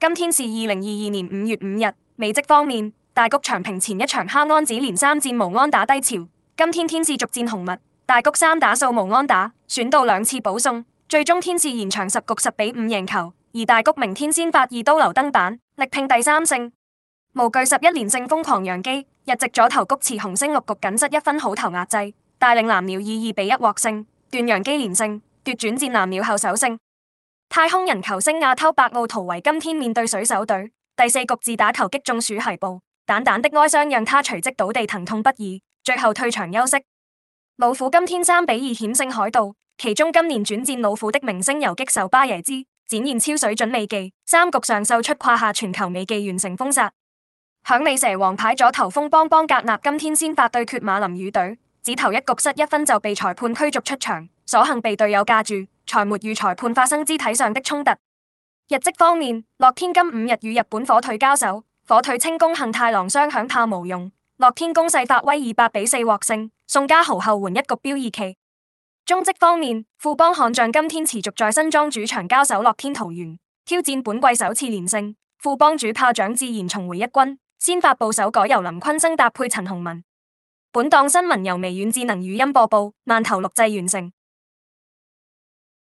今天是二零二二年五月五日。美職方面，大谷長平前一場哈安子連三戰無安打低潮，今天天使續戰紅襪，大谷三打數無安打，選到兩次保送，最終天使延長十局十比五贏球。而大谷明天先發二刀流登板，力拼第三勝。無懼十一連勝瘋狂揚基，日籍左投菊池雄星六局僅失一分好投壓制。帶領藍鳥以二比一獲勝，斷揚基連勝，奪轉戰藍鳥後首勝。太空人球星亞偷白奧圖維今天面對水手隊第四局自打球擊中鼠蹊部，蛋蛋的哀傷讓他隨即倒地疼痛不已，最後退場休息。老虎今天三比二險勝海盜，其中今年轉戰老虎的明星游擊手巴耶茲展現超水準美技，三局上秀出胯下傳球美技完成封殺。響尾蛇王牌左頭鋒邦邦格納今天先發對決馬林魚隊，只投一局失一分就被裁判驅逐出場。所幸被隊友架住，才沒與裁判發生肢體上的衝突。日職方面，樂天今五日與日本火腿交手，火腿清宮幸太郎雙響炮無用，樂天攻勢發威，以八比四獲勝。宋家豪後援一局標二期。中職方面，富邦悍將今天持續在新莊主場交手樂天桃園，挑戰本季首次連勝。富邦主炮長自然重回一軍，先發捕手改由林坤生搭配陳鴻文。本檔新聞由微軟智能語音播報，慢頭錄製完成。